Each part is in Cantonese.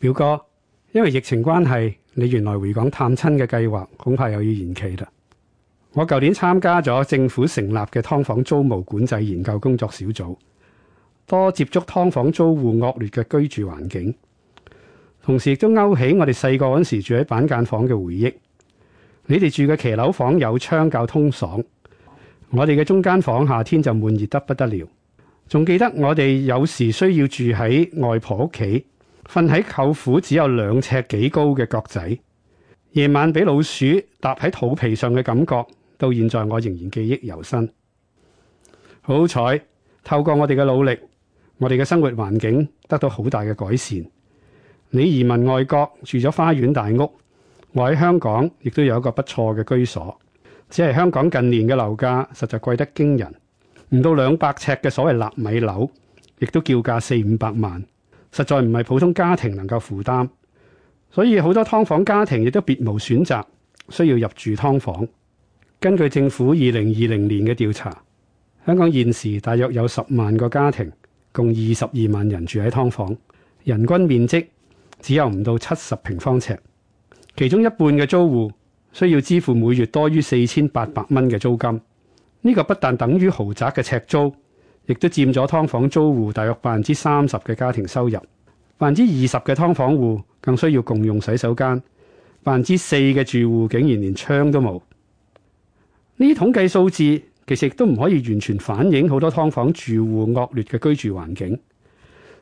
表哥，因為疫情關係，你原來回港探親嘅計劃恐怕又要延期啦。我舊年參加咗政府成立嘅劏房租務管制研究工作小組，多接觸劏房租戶惡劣嘅居住環境，同時亦都勾起我哋細個嗰時住喺板間房嘅回憶。你哋住嘅騎樓房有窗較通爽，我哋嘅中間房夏天就悶熱得不得了。仲記得我哋有時需要住喺外婆屋企。瞓喺舅父只有兩尺幾高嘅角仔，夜晚俾老鼠搭喺肚皮上嘅感覺，到現在我仍然記憶猶新。好彩，透過我哋嘅努力，我哋嘅生活環境得到好大嘅改善。你移民外國住咗花園大屋，我喺香港亦都有一個不錯嘅居所。只係香港近年嘅樓價實在貴得驚人，唔到兩百尺嘅所謂納米樓，亦都叫價四五百萬。實在唔係普通家庭能夠負擔，所以好多劏房家庭亦都別無選擇，需要入住劏房。根據政府二零二零年嘅調查，香港現時大約有十萬個家庭，共二十二萬人住喺劏房，人均面積只有唔到七十平方尺。其中一半嘅租戶需要支付每月多於四千八百蚊嘅租金，呢個不但等於豪宅嘅尺租。亦都佔咗劏房租戶大約百分之三十嘅家庭收入，百分之二十嘅劏房戶更需要共用洗手間，百分之四嘅住戶竟然連窗都冇。呢啲統計數字其實亦都唔可以完全反映好多劏房住戶惡劣嘅居住環境，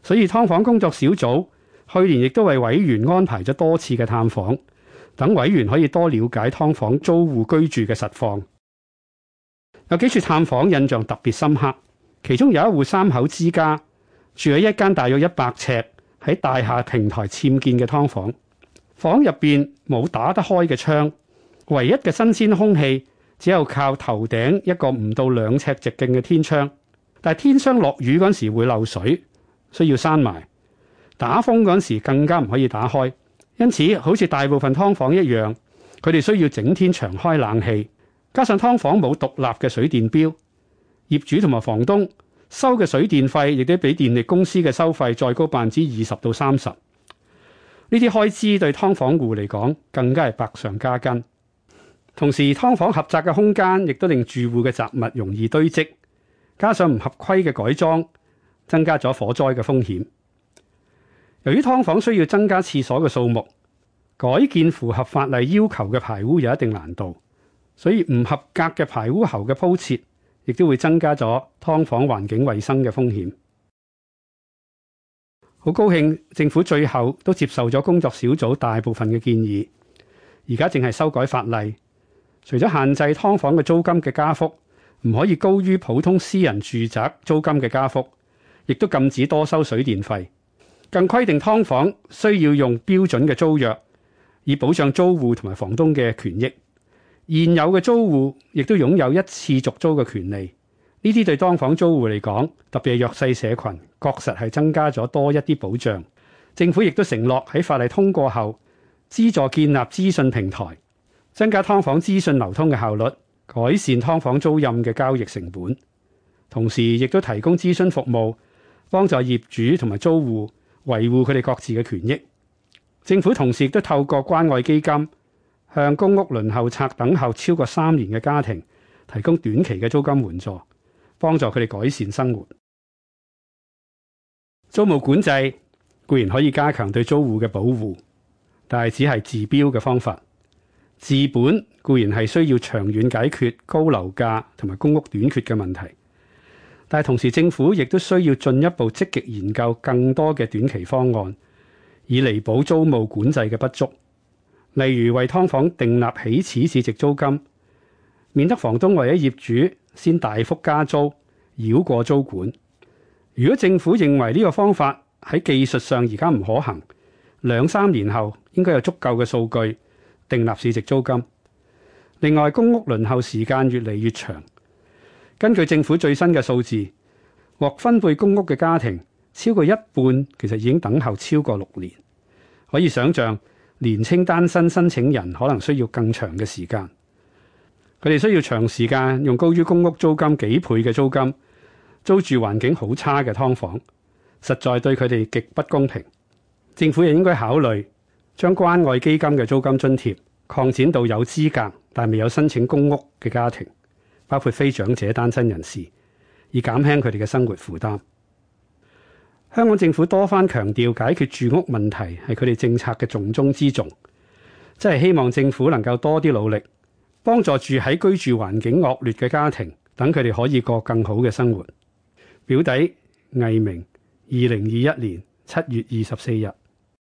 所以劏房工作小組去年亦都為委員安排咗多次嘅探訪，等委員可以多了解㓥房租戶居住嘅實況。有幾處探訪印象特別深刻。其中有一戶三口之家住喺一間大約一百尺、喺大廈平台僭建嘅㓥房，房入邊冇打得開嘅窗，唯一嘅新鮮空氣只有靠頭頂一個唔到兩尺直徑嘅天窗，但係天窗落雨嗰時會漏水，需要閂埋；打風嗰時更加唔可以打開，因此好似大部分劏房一樣，佢哋需要整天長開冷氣，加上劏房冇獨立嘅水電表。業主同埋房東收嘅水電費，亦都比電力公司嘅收費再高百分之二十到三十。呢啲開支對劏房戶嚟講，更加係百上加斤。同時，劏房狹窄嘅空間，亦都令住戶嘅雜物容易堆積，加上唔合規嘅改裝，增加咗火災嘅風險。由於劏房需要增加廁所嘅數目，改建符合法例要求嘅排污有一定難度，所以唔合格嘅排污喉嘅鋪設，亦都會增加咗劏房環境衞生嘅風險。好高興，政府最後都接受咗工作小組大部分嘅建議。而家淨係修改法例，除咗限制劏房嘅租金嘅加幅，唔可以高於普通私人住宅租金嘅加幅，亦都禁止多收水電費。更規定劏房需要用標準嘅租約，以保障租戶同埋房東嘅權益。現有嘅租戶亦都擁有一次續租嘅權利，呢啲對劏房租戶嚟講，特別係弱勢社群，確實係增加咗多一啲保障。政府亦都承諾喺法例通過後，資助建立資訊平台，增加劏房資訊流通嘅效率，改善劏房租賃嘅交易成本，同時亦都提供諮詢服務，幫助業主同埋租戶維護佢哋各自嘅權益。政府同時亦都透過關愛基金。向公屋輪候冊等候超過三年嘅家庭提供短期嘅租金援助，幫助佢哋改善生活。租務管制固然可以加強對租戶嘅保護，但係只係治標嘅方法。治本固然係需要長遠解決高樓價同埋公屋短缺嘅問題，但係同時政府亦都需要進一步積極研究更多嘅短期方案，以彌補租務管制嘅不足。例如為劏房訂立起始市值租金，免得房東為咗業主先大幅加租，繞過租管。如果政府認為呢個方法喺技術上而家唔可行，兩三年後應該有足夠嘅數據訂立市值租金。另外，公屋輪候時間越嚟越長。根據政府最新嘅數字，獲分配公屋嘅家庭超過一半，其實已經等候超過六年。可以想象。年青單身申請人可能需要更長嘅時間，佢哋需要長時間用高於公屋租金幾倍嘅租金租住環境好差嘅劏房，實在對佢哋極不公平。政府亦應該考慮將關愛基金嘅租金津貼擴展到有資格但未有申請公屋嘅家庭，包括非長者單身人士，以減輕佢哋嘅生活負擔。香港政府多番強調解決住屋問題係佢哋政策嘅重中之重，真係希望政府能夠多啲努力，幫助住喺居住環境惡劣嘅家庭，等佢哋可以過更好嘅生活。表弟毅明，二零二一年七月二十四日。